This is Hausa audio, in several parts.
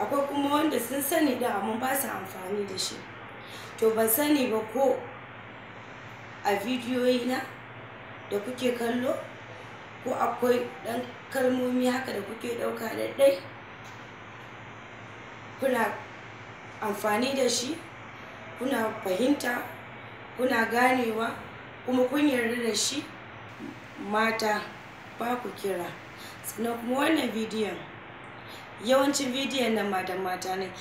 akwai kuma wanda sun sani da amma ba su amfani da shi to ban sani ba ko a bidiyoyi na da kuke kallo ko akwai ɗan kalmomi haka da kuke ɗauka da dai kuna amfani da shi kuna fahimta kuna ganewa kuma kun yarda da shi mata ba ku kira sannan kuma wannan bidiyon yawancin bidiyon nan matan mata nake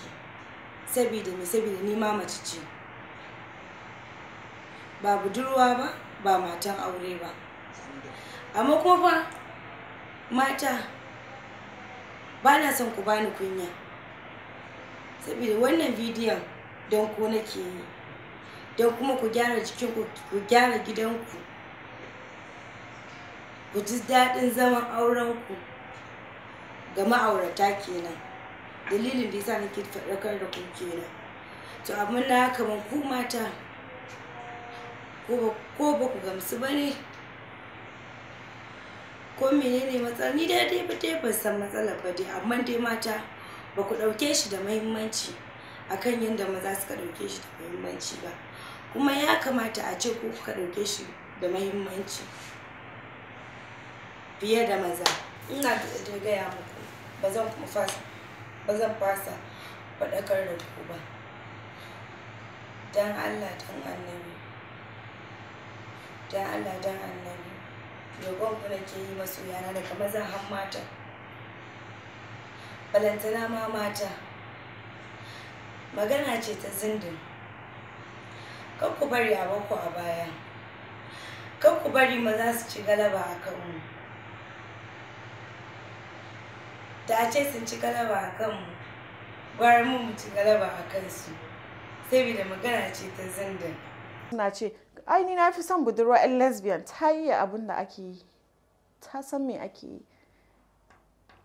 saboda mai saboda ni ma mace ce ba budurwa ba ba matan aure ba amma kuma fa mata ba na son ku bani kunya saboda wannan bidiyon don ku nake yi don kuma ku gyara jikin ku gyara gidanku ku ji daɗin zaman aurenku ga ma'aurata kenan dalilin da yasa nake faɗakar da ku kenan to abin na kamar ku mata ko ba ku gamsu ba ne ko menene matsala ni dai dai dai ban san matsalar ba dai amma dai mata ba ku ɗauke shi da muhimmanci akan yadda maza suka ɗauke shi da muhimmanci ba kuma ya kamata a ce ku kuka ɗauke shi da muhimmanci fiye da maza ina da gaya muku ba zan fasa ba zan fasa faɗakar da ku ba dan Allah dan annabi dan Allah dan annabi roƙon ku nake yi masoyana daga maza har mata balantana ma mata magana ce ta zindin kar ku bari a a baya kar ku bari maza su ci galaba a kanmu ta ce sun ci galaba a kanmu gwara mu mu ci galaba a kansu saboda magana ce ta zindan na ce ai ni na fi son budurwa yan lesbian ta yi abin da ake yi ta san me ake yi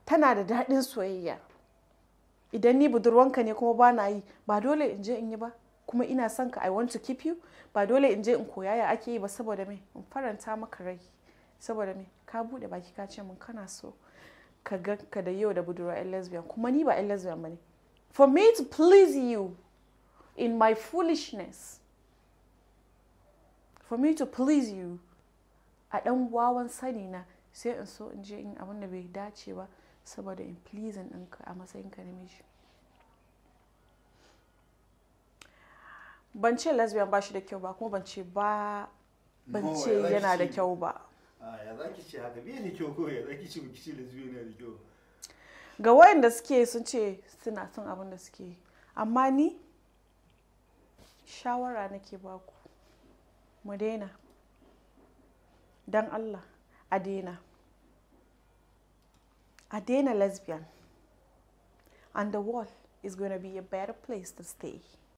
tana da daɗin soyayya idan ni budurwanka ne kuma ba na yi ba dole in je in yi ba kuma ina son ka i want to keep you ba dole in je in koya ya ake yi ba saboda me in faranta maka rai saboda me ka bude baki ka ce mun kana so ka ga ka da yau da budurwa yan lesbian kuma ni ba yan lesbian ne for me to please you in my foolishness for me to please you a dan wawan sani na sai in so in je in abin da bai dace ba saboda in pleasing ɗinka a matsayinka na miji ban ce lesbian ba shi da kyau ba kuma ban ce ba ban ce yana da kyau ba da ga wayanda suke sun ce suna son abin da suke amma ni shawara nake baku mu daina don allah a daina a daina lesbian and the world is going to be a better place to stay